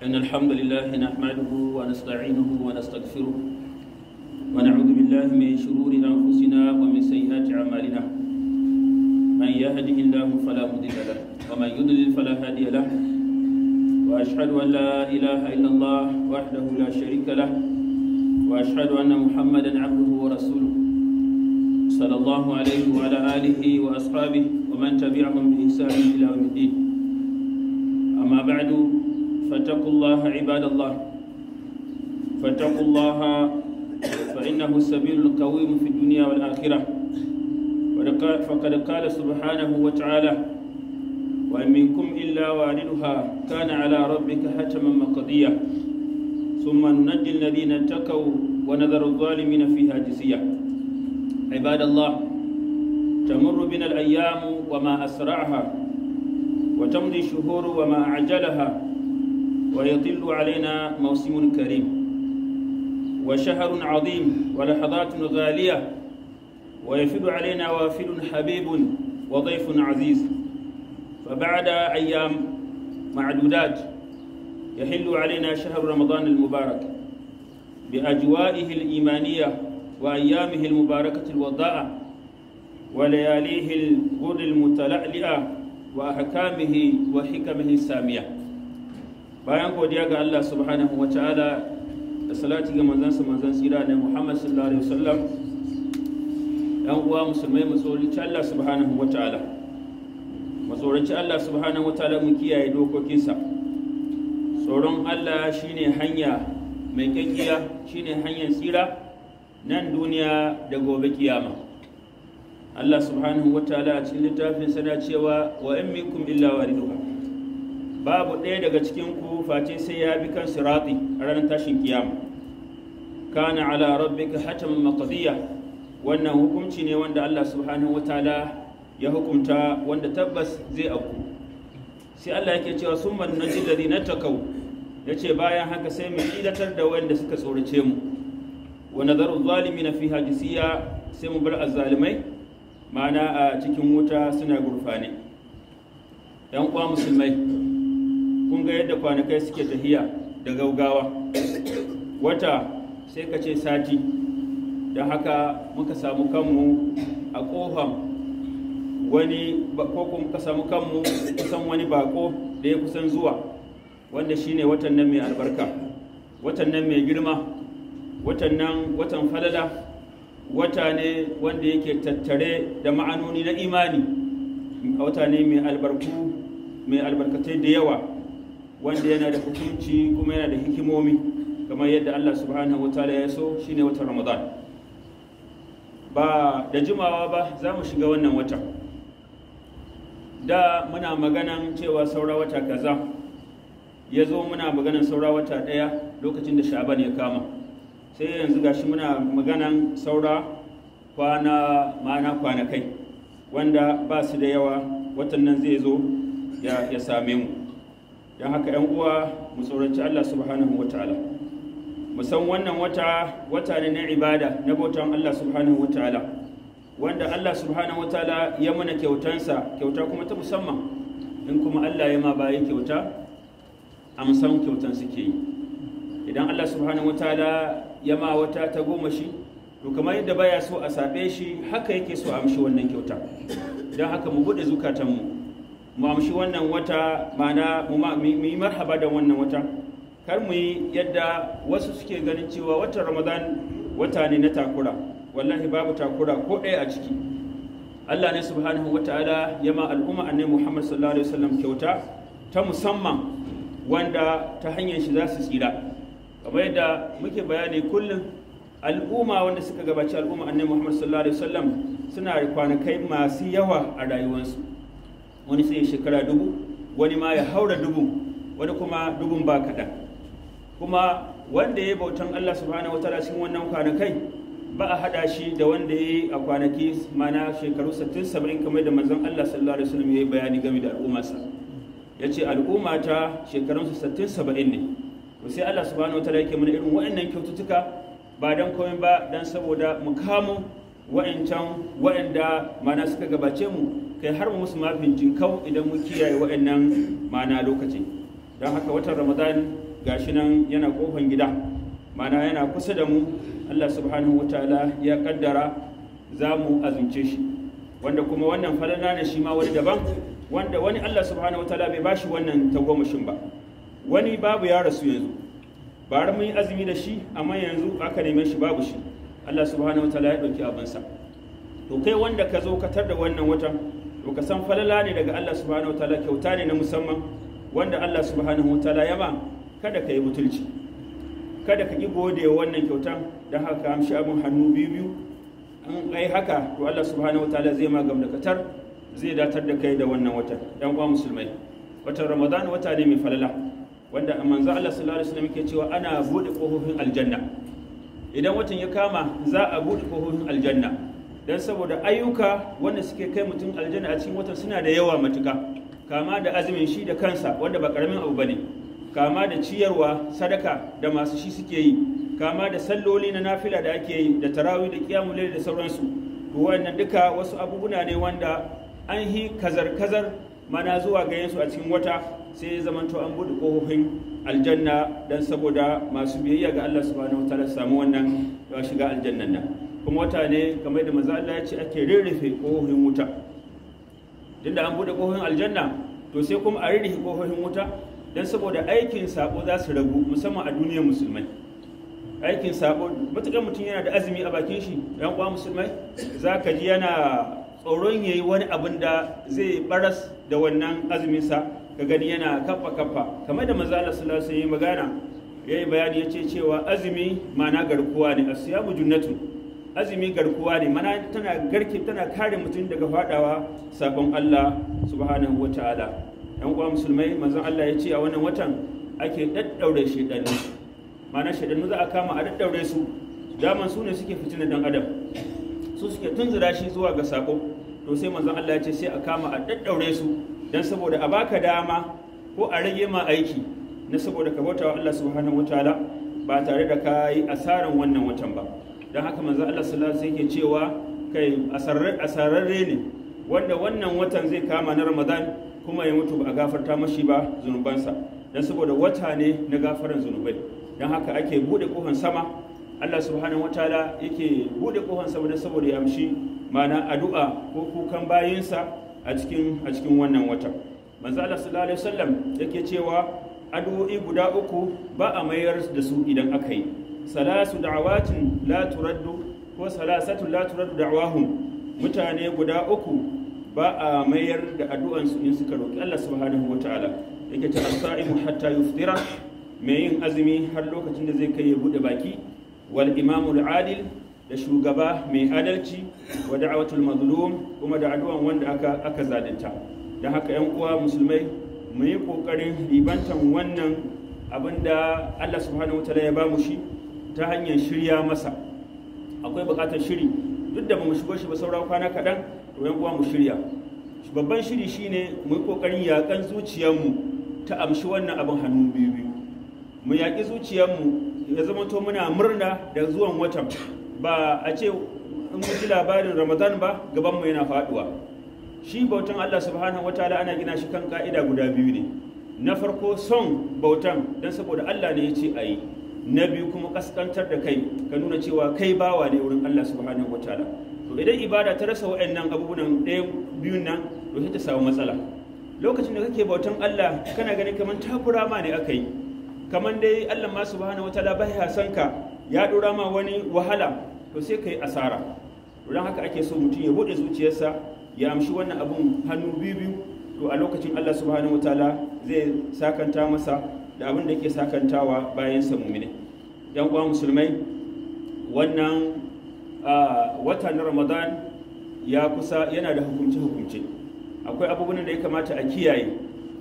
إن الحمد لله نحمده ونستعينه ونستغفره ونعوذ بالله من شرور أنفسنا ومن سيئات أعمالنا من يهده الله فلا مضل له ومن يضلل فلا هادي له وأشهد أن لا إله إلا الله وحده لا شريك له وأشهد أن محمدا عبده ورسوله صلى الله عليه وعلى آله وأصحابه ومن تبعهم بإحسان إلى يوم الدين أما بعد فاتقوا الله عباد الله فاتقوا الله فإنه السبيل القويم في الدنيا والآخرة فقد قال سبحانه وتعالى وإن منكم إلا واردها كان على ربك حتما مقضيا ثم ننجي الذين اتقوا ونذر الظالمين فيها جزية عباد الله تمر بنا الأيام وما أسرعها وتمضي الشهور وما أعجلها ويطل علينا موسم كريم وشهر عظيم ولحظات غالية ويفد علينا وافد حبيب وضيف عزيز فبعد أيام معدودات يحل علينا شهر رمضان المبارك بأجوائه الإيمانية وأيامه المباركة الوضاءة ولياليه الغر المتلألئة وأحكامه وحكمه السامية bayan godiya ga Allah subhanahu wa ta'ala da salati ga manzansa manzan tsira ne, Muhammad sallallahu alaihi wasallam yan uwa musulmai matsorinci Allah subhanahu wa ta'ala matsorinci Allah subhanahu wa ta'ala mu kiyaye dokokinsa tsoron Allah shine hanya mai kakkiya shine hanyar tsira nan duniya da gobe kiyama Allah subhanahu wa ta'ala a cikin littafin sana cewa wa in minkum illa wariduha babu ɗaya daga cikin ku face sai ya bi kan sirati a ranar tashin kiyama kana ala rabbika hataman maqdiya wannan hukunci ne wanda Allah subhanahu wataala ya hukunta wanda tabbas zai auku sai Allah yake cewa summa najil ladina takaw yace bayan haka sai mu idatar da wanda suka tsorace mu wa nadaru zalimin fiha jisiya sai mu bar azzalimai ma'ana a cikin wuta suna gurfane yan kwa musulmai kun ga yadda kwanakai suke tahiya da gaugawa wata sai ka ce sati da haka muka samu kanmu a ƙofan wani ko muka samu kanmu kusan wani bako da ya kusan zuwa wanda shine watan nan mai albarka watan nan mai girma watan nan watan falala wata ne wanda yake tattare da ma'anoni na imani wata ne mai albarku mai albarkatai da yawa wanda yana da hukunci kuma yana da hikimomi kamar yadda Allah subhanahu wataala ya so shine watan Ramadan ba da jimawa ba za mu shiga wannan wata da muna maganan cewa saura wata kaza ya zo muna maganan saura wata ɗaya lokacin da Shaban ya kama sai yanzu gashi muna maganan saura kwana ma'ana kwanakai wanda ba su da yawa watan nan zai zo ya same mu don haka yan uwa mu tsoronci Allah subhanahu wa ta'ala musan wannan wata wata ne na ibada na bautan Allah subhanahu wa wanda Allah subhanahu wa ta'ala ya mana kyautansa kyauta kuma ta musamman in kuma Allah ya ma bayan kyauta a amsan kyautan suke yi idan Allah subhanahu wa ya ma wata ta goma shi to kamar yadda baya so a sabe shi haka yake so a amshi wannan kyauta don haka mu buɗe zukatanmu mu amshi wannan wata mana mu yi marhaba da wannan wata kar mu yi yadda wasu suke ganin cewa watan ramadan wata ne na takura wallahi babu takura ko ɗaya a ciki allah ne subhanahu ta'ala ya ma al'umma annai muhammad sallallahu alaihi wasallam kyauta ta musamman wanda ta hanyar shi za su tsira kamar yadda muke bayani kullum al'umma wanda suka gabaci al'umma annai muhammad sallallahu alaihi wasallam suna kwanakai masu yawa a rayuwarsu wani sai shekara dubu wani ma ya haura dubu wani kuma dubun ba kaɗan kuma wanda ya bautan Allah subhanahu wataala cikin wannan kwanakai ba a hada shi da wanda ya yi a kwanaki mana shekaru 60 70 kamar da manzon Allah sallallahu alaihi wasallam ya yi bayani game da al'ummarsa ya ce al'umma ta shekarun 60 70 ne to sai Allah subhanahu wataala yake mana irin waɗannan kyaututtuka ba dan komai ba dan saboda mu kamo wa'ancan wa'anda mana suka gabace mu kai har musu ma kau idan mu kiyaye waɗannan mana lokaci. don haka watan ramadan gashi nan yana kofan gida Mana yana kusa da mu allah subhanahu wa ta'ala ya kaddara za mu azumce shi wanda kuma wannan falala ne shi ma wani daban wanda wani allah subhanahu wa ta'ala bai bashi wannan tagomashin ba wani babu ya rasu yanzu bari mun yi azumi da shi amma yanzu aka neman shi babu shi allah subhanahu wa ta'ala ya ɗauki sa. to kai wanda ka zo ka tar da wannan watan muka ka san falala ne daga Allah subhanahu wataala kyauta ne na musamman wanda Allah subhanahu wataala ya ba kada ka yi mutulci kada ka ƙi gode wa wannan kyautan don haka amshi abin hannu biyu biyu an ai haka to Allah subhanahu wataala zai ma gamdakatar zai datar da kai da wannan watan dan uwa musulmai watan ramadan wata ne mai falala wanda a manzo Allah sallallahu alaihi wasallam yake cewa ana bude kofofin aljanna idan watan ya kama za a bude kofofin aljanna don saboda ayyuka wanda suke kai mutum aljanna a cikin watan suna da yawa matuka kama da azumin shi da kansa wanda ba karamin abu bane kama da ciyarwa sadaka da masu shi suke yi kama da salloli na nafila da ake yi da tarawi da kiyamul layl da sauransu to wannan duka wasu abubuwa ne wanda an hi kazar-kazar mana zuwa ga yansu a cikin wata sai ya zamanto an buɗe kohohin aljanna don saboda masu biyayya ga Allah subhanahu wa ta'ala su samu wannan shiga aljannan nan kuma wata ne kamar da maza Allah ya ce ake rirrife kohohin wuta da an buɗe kohohin aljanna to sai kuma a rirrife kohohin wuta don saboda aikin saƙo za su ragu musamman a duniyar musulmai aikin saƙo matukan mutum yana da azumi a bakin shi yan uwa musulmai Za ka ji yana tsoron ya yi wani abin da zai baras da wannan azumin sa ka gani yana kafa kafa kamar da manzo Allah sallallahu alaihi wasallam ya magana yayi bayani yace cewa azumi ma'ana garkuwa ne a asiyamu junnatun azumi garkuwa ne mana tana garke tana kare mutum daga fadawa sabon Allah subhanahu ta'ala. ɗan uwa musulmai manzon Allah ya ce a wannan watan ake daddaure shedanu mana shedanu za a kama a daddaure su daman su ne suke fitina dan adam su suke tunzura shi zuwa ga sako to sai manzon Allah ya ce sai a kama a daddaure su dan saboda a baka dama ko a rage ma aiki na saboda ka bauta wa Allah subhanahu ta'ala, ba tare da ka yi asaran wannan watan ba don haka manzo Allah sallallahu alaihi yake cewa kai asararre ne wanda wannan watan zai kama na Ramadan kuma ya mutu ba a gafarta mashi ba zunubansa dan saboda wata ne na gafara zunubai don haka ake bude kofan sama Allah subhanahu wataala yake bude kofan sama dan saboda ya amshi ma'ana addu'a ko kukan bayinsa a cikin a cikin wannan wata manzo Allah sallallahu alaihi wasallam yake cewa addu'o'i guda uku ba a mayar da su idan aka yi salasu da'awatin la turaddu ko salasatu la turaddu da'awahum mutane guda uku ba a mayar da addu'ansu in suka roki Allah subhanahu wataala yake ta as hatta yuftira mai yin azumi har lokacin da zai kai ya bude baki wal imamul adil da shugaba mai adalci wa da'awatul mazlum kuma da addu'an wanda aka aka zalunta don haka yan uwa musulmai mu yi kokarin ribantan wannan abinda Allah subhanahu wataala ya ba mu shi ta hanyar shirya masa akwai bukatar shiri duk da ba mu shigo shi ba saura kwana kaɗan to yan uwa mu shirya babban shiri shine mu yi ƙoƙarin yaƙan mu ta amshi wannan abin hannu biyu biyu mu yaƙi zuciyarmu ya zama to muna murna da zuwan watan ba a ce in mu ji labarin ramadan ba gaban mu yana faɗuwa shi bautan allah subhanahu wataala ana gina shi kan ka'ida guda biyu ne na farko son bautan don saboda allah ne ya ce a yi na biyu kuma kaskantar da kai ka nuna cewa kai bawa ne wurin Allah subhanahu wataala to idan ibada ta rasa waɗannan abubuwan ɗaya biyu nan to sai ta samu matsala lokacin da kake bautan Allah kana ganin kamar takura ma ne aka yi kamar dai Allah ma subhanahu wataala bai hasan ka ya dora ma wani wahala to sai kai asara don haka ake so mutum ya bude zuciyarsa ya amshi wannan abun hannu biyu biyu to a lokacin Allah subhanahu wataala zai sakanta masa da abin da ke sakantawa bayan sa mu'mini yan uwa musulmai wannan watan ramadan ya kusa yana da hukunce hukunce akwai abubuwan da ya kamata a kiyaye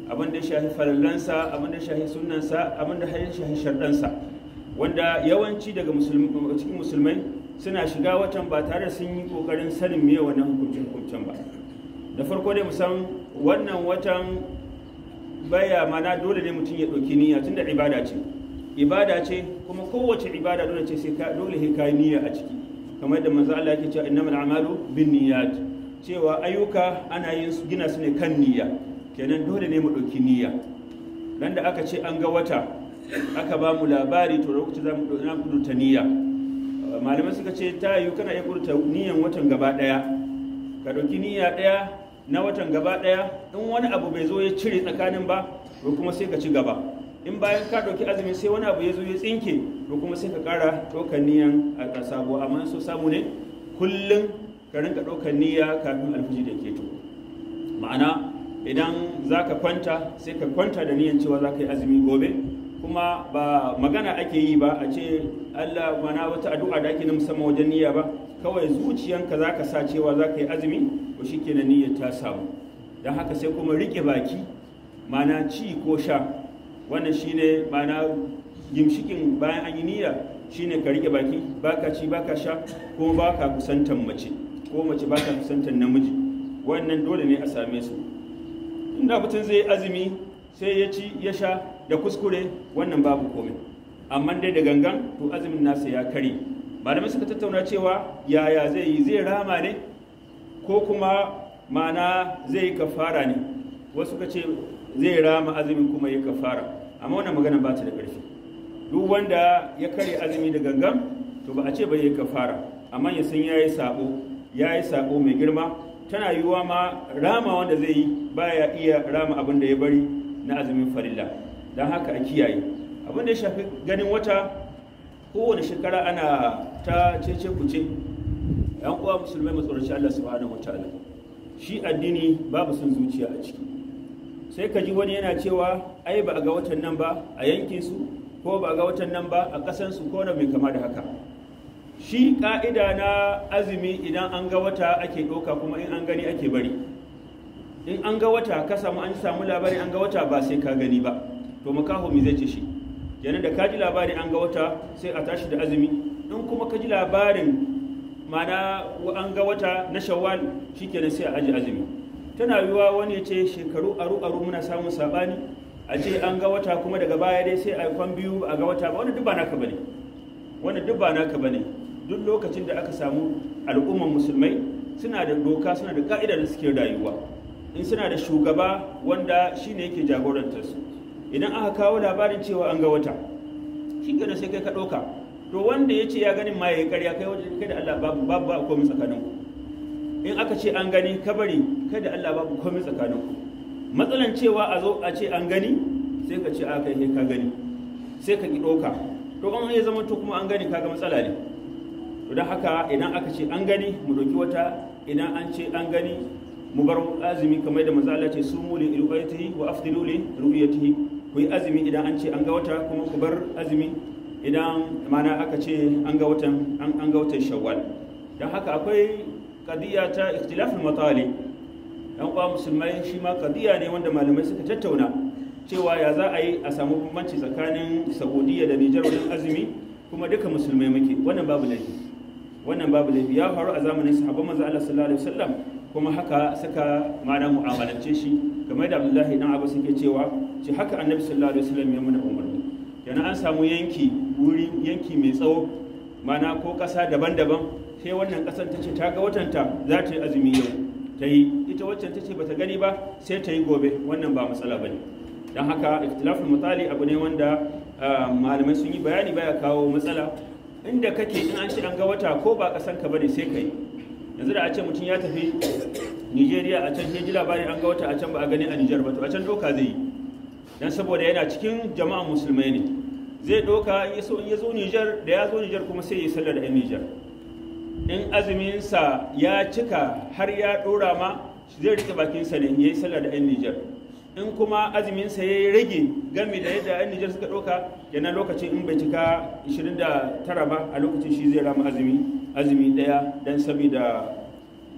abin da ya farallansa, abin da ya sunansa abin da ya shafi sharɗansa wanda yawanci daga cikin musulmai suna shiga watan ba tare da sun yi ƙoƙarin sanin me wannan hukuncin hukuncin ba da farko dai musan wannan watan baya mana dole ne mutum ya ɗauki niyya tun da ibada ce ibada ce kuma kowace ibada dole ce sai dole sai kai niyya a ciki kamar da manzo Allah yake cewa innamal a'malu binniyat cewa ayyuka ana yin su gina su ne kan niyya kenan dole ne mu ɗauki niyya dan da aka ce an ga wata aka ba mu labari to lokacin za mu ɗauki niyya malamai suka ce ta yiwu kana iya furta niyyan watan gaba ɗaya ka ɗauki niyya ɗaya na watan gaba daya in wani abu bai zo ya cire tsakanin ba ko kuma sai ka ci gaba in bayan ka ɗauki azumi sai wani abu ya zo ya tsinke ko kuma sai ka kara ɗaukar niyan a sabo amma so samu ne kullum ka rinka ɗaukan niyya kafin alfiji da keto ma'ana idan zaka ka kwanta sai ka kwanta da niyan cewa zaka yi azumi gobe kuma ba magana ake yi ba a ce allah mana wata addu'a da ake na musamman wajen niyya ba kawai zuciyanka za ka sa cewa za ka yi azumi ko shi ke niyyar ta samu don haka sai kuma rike baki mana ci ko sha wannan shi ne mana gimshikin bayan an yi niyya shi ne ka rike baki ba ka ci ba ka sha ko ba ka kusantar mace ko mace ba ka kusantar namiji wannan dole ne a same su inda mutum zai azumi sai ya ci ya sha da kuskure wannan babu komai amma dai da gangan to azumin nasa ya kare malamai suka tattauna cewa yaya zai yi zai rama ne ko kuma mana zai yi kafara ne wasu ka ce zai rama azumin kuma yi kafara amma wannan magana ba ta da ƙarfi duk wanda ya karya azumi da gangan to ba a ce bai yi kafara amma ya san yayi sabo yayi sabo mai girma tana yiwuwa ma rama wanda zai yi baya iya rama abin da ya bari na azumin farilla Dan haka a kiyaye abin da ya shafi ganin wata kowane shekara ana ta cece ce? yan uwa musulmai matsoranci Allah subhanahu wataala shi addini babu sun zuciya a ciki sai ka ji wani yana cewa ai ba a ga watan nan ba a yankinsu ko ba a ga watan nan ba a kasan su ko na mai kama da haka shi ka'ida na azumi idan an ga wata ake ɗauka kuma in an gani ake bari in an ga wata ka samu an samu labari an ga wata ba sai ka gani ba to makaho mi zai ce shi kenan da ka ji labari an ga wata sai a tashi da azumi in kuma ka ji labarin mana an ga wata na shawwal shikenan sai a aji azumi tana yiwa wani ya ce shekaru aru aru muna samun sabani a ce an ga wata kuma daga baya dai sai a yi kwan biyu a ga wata ba wani naka ba naka bane wani naka ba naka duk lokacin da aka samu al'umman musulmai suna da doka suna da ka'ida da suke rayuwa in suna da shugaba wanda shine yake jagorantar su idan aka kawo labarin cewa an ga wata shi sai kai ka ɗauka to wanda ya ce ya ganin ma ya karya kai wajen kai da Allah babu babu ba komai tsakanin ku in aka ce an gani kabari kai da Allah babu komai tsakanin ku matsalan cewa a zo a ce an gani sai ka ce a kai ka gani sai ka ki doka to an ya zama to kuma an gani kaga matsala ne to dan haka idan aka ce an gani mu ɗauki wata idan an ce an gani mu bar azumi kamar da manzo Allah ce sumu li ru'yatihi wa afdilu li ru'yatihi ku yi azumi idan an ce an ga wata kuma ku bar azumi idan mana aka ce an ga watan an ga watan shawwal don haka akwai kadiya ta ikhtilafin matali yan kwa musulmai shi ma kadiya ne wanda malamai suka tattauna cewa ya za a yi a samu bambanci tsakanin saudiya da nijar wajen azumi kuma duka musulmai muke wannan babu laifi wannan babu laifi ya faru a zamanin sahabban manzo Allah sallallahu alaihi wasallam kuma haka suka mana mu'amalance shi game da Abdullahi dan Abbas yake cewa ce haka Annabi sallallahu alaihi wasallam ya mana umarni yana an samu yanki wuri yanki mai tsawo mana ko ƙasa daban-daban sai wannan ƙasar ta ce ta ga watanta za ta yi azumi yau ta yi ita waccan ta ce ba ta gani ba sai ta yi gobe wannan ba matsala ba ne don haka ikhtilafin mutali abu ne wanda ah, malamai sun yi bayani baya kawo matsala inda kake in an shi an ga wata ko ba ƙasar ka bane sai ka yi yanzu da a ce mutum ya tafi nigeria a can ji labarin an ga wata a can ba a gani a nijar ba to a can doka zai yi don saboda yana cikin jama'an musulmai ne zai ɗauka in ya zo Nijar da ya zo Nijar kuma sai ya sallar da Nijar in azuminsa ya cika har ya ɗora ma zai rike sa ne ya yi sallar da 'yan Nijar in kuma azuminsa ya rage gami da yadda 'yan Nijar suka ɗauka yana lokacin in bai cika 29 ba a lokacin shi zai rama azumi azumi ɗaya don saboda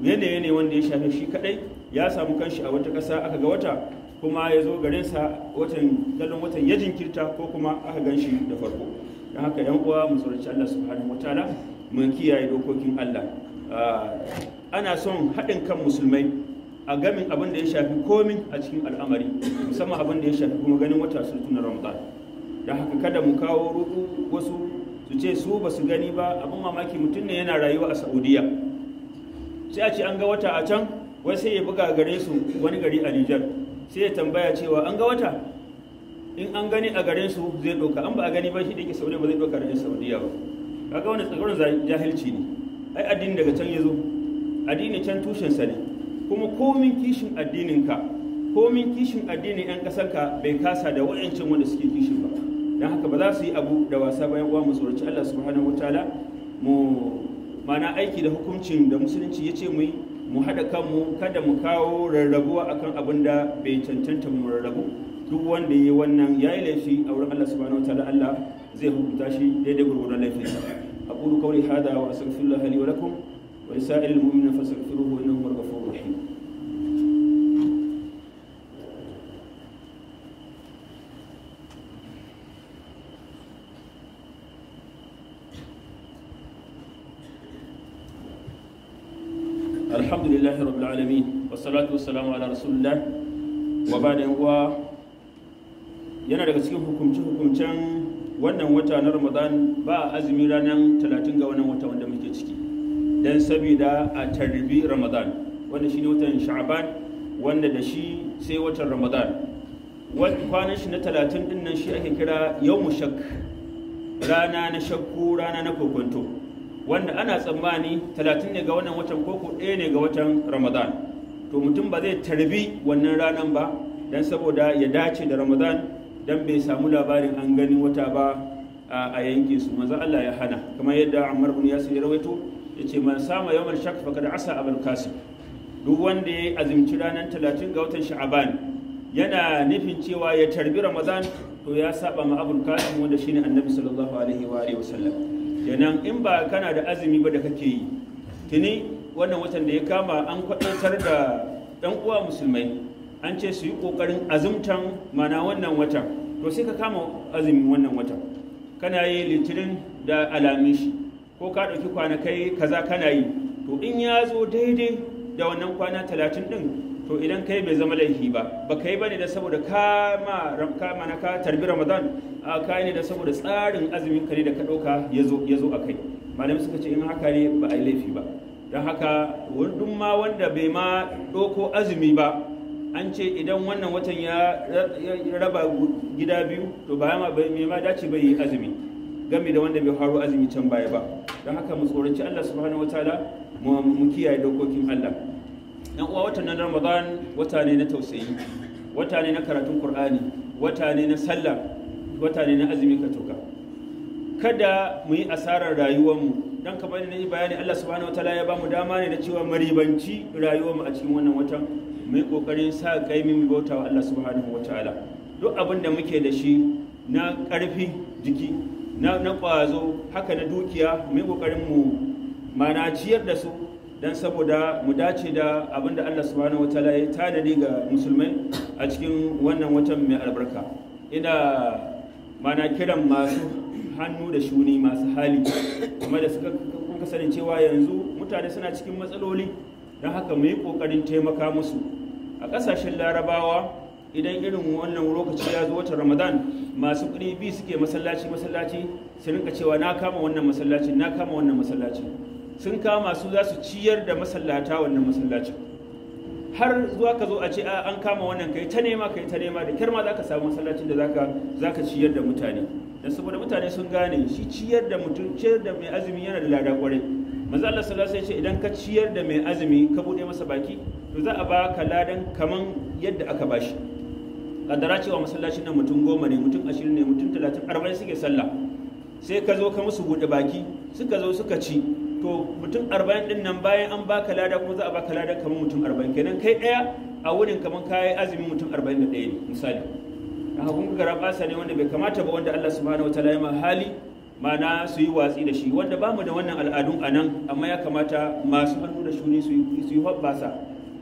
yanayi ne wanda ya shafi shi kaɗai ya samu kanshi a wata ƙasa aka ga wata kuma ya zo garinsa watan dalon watan ya jinkirta ko kuma aka gan shi da farko don haka yan uwa mu tsoraci Allah subhanahu wataala mun kiyaye dokokin Allah ah, ana son haɗin kan musulmai a gamin abin da ya shafi komin a cikin al'amari musamman abin da ya shafi kuma ganin wata sultu na ramadan don haka kada mu kawo ruku wasu su ce su ba su gani ba abin mamaki mutum ne yana rayuwa a saudiya sai a ce an ga wata a can wai sai ya buga gare su wani gari a nijar sai ya tambaya cewa an ga wata in an gani a garin su zai ɗauka an ba a gani ba shi da yake saudi ba zai ɗauka da saudiya ba kaga wani tsakarin jahilci ne ai addini daga can ya zo addini can tushensa ne kuma komin kishin addininka komin kishin addinin 'yan ka bai kasa da wa'ancin wanda suke kishin ba don haka ba za su yi abu da wasa bayan uwa mu tsoraci allah subhanahu wa ta'ala mu mana aiki da hukuncin da musulunci ya ce mu yi mu haɗa kanmu kada mu kawo rarrabuwa akan abin da bai cancanta mu rarrabu duk wanda ya yi wannan ya yi laifi a wurin Allah subhanahu wa ta'ala Allah zai hukunta shi daidai gurgurdan laifinsa aqulu qawli hadha wa astaghfirullaha li wa lakum wa lisa'il mu'minina fastaghfiruhu innahu huwal ghafurur rahim wasalatu wasalamu ala rasulullah wa ba da uwa yana daga cikin hukumce-hukumcen wannan wata na ramadan ba azumi ranar talatin ga wannan wata wanda muke ciki don sabida a tarbi ramadan wanda shi ne watan sha'aban wanda da shi sai watan ramadan kwanan shi na talatin din nan shi ake kira yau shak rana na shakku rana na kokonto wanda ana tsammani talatin ne ga wannan watan koko ɗaya ne ga watan ramadan to mutum ba zai tarbi wannan ranar ba don saboda ya dace da ramadan don bai samu labarin an gani wata ba a yankin su manzo Allah ya hana kamar yadda Ammar bin Yasir ya rawaito yace man sama yawmal shak faqad asa abul qasim duk wanda ya azumci ranar talatin ga watan sha'aban yana nufin cewa ya tarbi ramadan to ya saba ma abul qasim wanda shine annabi sallallahu alaihi wa alihi wasallam kenan in ba kana da azumi ba da kake yi tuni wannan watan da ya kama an kwadantar da ɗan uwa musulmai an ce su yi ƙoƙarin azumtan mana wannan watan to sai ka kama azumin wannan watan kana yi litinin da alamishi ko ka ɗauki kwanakai kaza kana yi to in ya zo daidai da wannan kwana talatin ɗin to idan kai bai zama laifi ba ba kai bane da saboda ka ma na ka tarbi ramadan a kai ne da saboda tsarin azumin ka ne da ka dauka yazo yazo akai malamai suka ce in haka ne ba a yi laifi ba don haka wurin ma wanda bai ma doko azumi ba an ce idan wannan watan ya raba gida biyu to ba ma bai ma dace bai yi azumi game da wanda bai haro azumi can baya ba don haka mu tsoranci Allah subhanahu wataala mu kiyaye dokokin Allah yan uwa watan nan Ramadan wata ne na tausayi wata ne na karatun Qur'ani wata ne na sallah wata ne na azumi ka toka kada mu yi asarar mu. don kamar da yi bayani Allah subhanahu wa ta'ala ya bamu dama ne na cewa maribanci rayuwar mu a cikin wannan watan mu yi kokarin sa gaimin bauta wa Allah subhanahu wa ta'ala duk abin da muke da shi na karfi jiki na kwazo haka na dukiya mu yi kokarin mu mana ciyar da su dan saboda mu dace da abin da Allah subhanahu wa ta'ala ya tanadi ga musulmai a cikin wannan watan mai albarka ina mana kiran masu hannu da shuni masu hali kuma da suka kuka sanin cewa yanzu mutane suna cikin matsaloli don haka mu yi ƙoƙarin taimaka musu a ƙasashen larabawa idan irin wannan lokaci ya zo watan ramadan masu kuɗi bi suke masallaci masallaci su rinka cewa na kama wannan masallacin na kama wannan masallacin sun kama su za su ciyar da masallata wannan masallacin har zuwa ka zo a ce an kama wannan kai ta nema kai ta nema da kyar za ka samu masallacin da za ka ciyar da mutane don saboda mutane sun gane shi ciyar da mutum ciyar da mai azumi yana da lada kwarai maza Allah sallallahu alaihi idan ka ciyar da mai azumi ka bude masa baki to za a baka ladan kaman yadda aka bashi kaddara cewa masallacin nan mutum goma ne mutum ashirin ne mutum talatin arba'in suke sallah sai ka zo ka musu bude baki suka zo suka ci to mutum arba'in din nan bayan an baka lada kuma za a baka lada kamar mutum arba'in kenan kai ɗaya a wurin kamar ka yi azumin mutum arba'in da ɗaya ne misali a hakun gara basa ne wanda bai kamata ba wanda Allah subhanahu wa ta'ala ya ma hali mana su yi watsi da shi wanda ba mu da wannan al'adun a nan amma ya kamata masu hannu da shuni su yi hoɓɓasa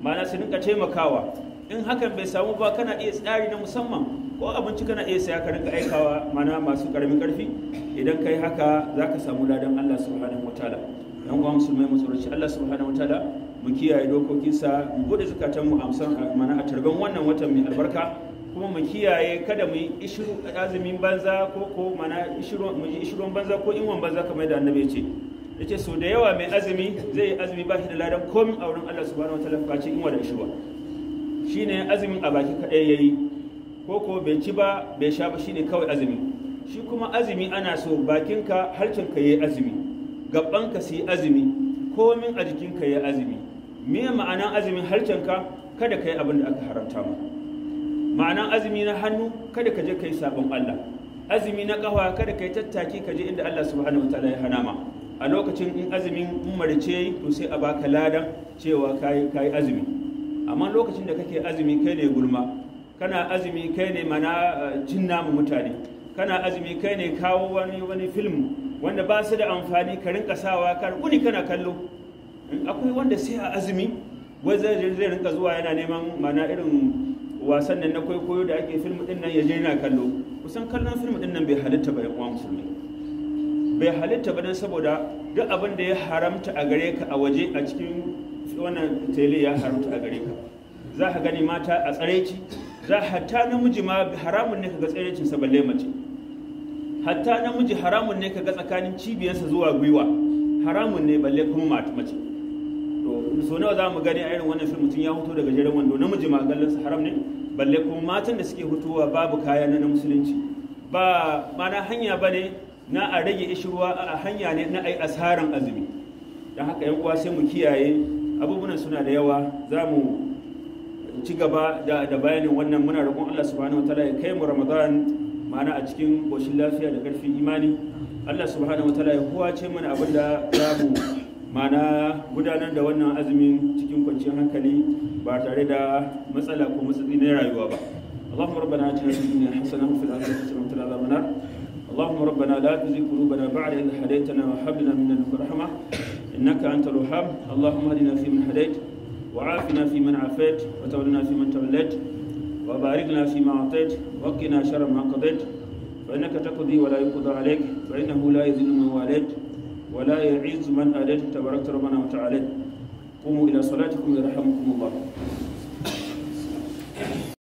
mana su rinka taimakawa in hakan bai samu ba kana iya tsari na musamman ko abinci kana iya saya ka rinka aikawa mana masu karamin karfi idan kai haka za ka samu ladan allah subhanahu wa ta'ala yan uwa musulmai mu tsoraci Allah subhanahu wataala mu kiyaye dokokinsa mu bude zakatan mu amsan mana a targan wannan watan mai albarka kuma mu kiyaye kada mu yi ishiru azumin banza ko ko mana ishiru mu yi banza ko inwan banza kamar da annabi ya ce yace so da yawa mai azumi zai yi azumi ba shi da ladan komin a wurin Allah subhanahu wataala ba ce inwa da ishiwa shine azumin a baki kadai yayi ko ko bai ci ba bai sha ba shine kawai azumi shi kuma azumi ana so bakinka harcinka yayi azumi gabanka su yi azumi komin a jikinka ya azumi me ma'anan azumin harcenka kada ka yi abin da aka haramta ma ma'anan azumi na hannu kada ka je ka yi sabon Allah azumi na kafa kada ka yi tattaki ka je inda Allah subhanahu wataala ya hana ma a lokacin in azumin umarce to sai a baka ladan cewa kayi kayi azumi amma lokacin da kake azumi kai ne gulma kana azumi kai ne mana jinna eh, mu mutane kana azumi kai ne kawo wani wani film wanda ba su da amfani ka rinka sawa kar kuni kana kallo akwai wanda sai a azumi wai zai rinka zuwa yana neman mana irin wasan nan na kwaikwayo da ake film din nan ya je yana kallo kusan kallon film din nan bai halitta ba yan musulmi bai halitta ba dan saboda duk abin da ya haramta a gare ka a waje a cikin wannan tele ya haramta a gare ka za ka gani mata a tsareci za hatta namiji ma haramun ne ka ga tsarecin sa balle mace hatta namiji haramun ne ka ga tsakanin cibiyarsa zuwa gwiwa haramun ne balle kuma mace to so nawa za mu gani a irin wannan fim mutum ya huto daga jeren wando namiji ma sa haram ne balle kuma matan da suke hutuwa babu kaya na musulunci ba mana hanya bane na a rage ishirwa a hanya ne na ai asaran azumi don haka yan uwa sai mu kiyaye abubuwan suna da yawa za mu ci gaba da bayanin wannan muna roƙon Allah subhanahu wataala ya kai mu Ramadan ma'ana a cikin goshin lafiya da ƙarfin imani Allah subhanahu wataala ya ce mana abin da za mu ma'ana gudanar da wannan azumin cikin kwanciyar hankali ba tare da matsala ko matsatsi na rayuwa ba اللهم ربنا اتنا في الدنيا حسنه وفي الاخره حسنه وقنا عذاب اللهم ربنا لا تزغ قلوبنا بعد إذ هديتنا وهب لنا من لدنك رحمه انك انت الوهاب اللهم اهدنا فيمن هديت وعافنا فيمن عافيت وتولنا فيمن توليت وبارك لنا فيما أعطيت وقنا شر ما قضيت فإنك تقضي ولا يقضى عليك فإنه لا يذل من واليت ولا يعز من آليت تباركت ربنا وتعالى قوموا إلى صلاتكم يرحمكم الله